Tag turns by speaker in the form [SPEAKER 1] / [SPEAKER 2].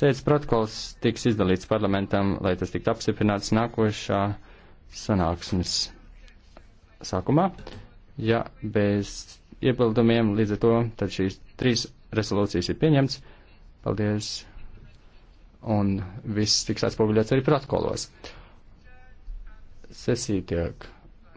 [SPEAKER 1] Sēdes protokols tiks izdalīts parlamentam, lai tas tiktu apstiprināts nākošā sanāksmes sākumā. Ja bez iebildumiem līdz ar to, tad šīs trīs rezolūcijas ir pieņemts. Paldies! Un viss tiks atspoguļots arī protokolos.
[SPEAKER 2] Sesija tiek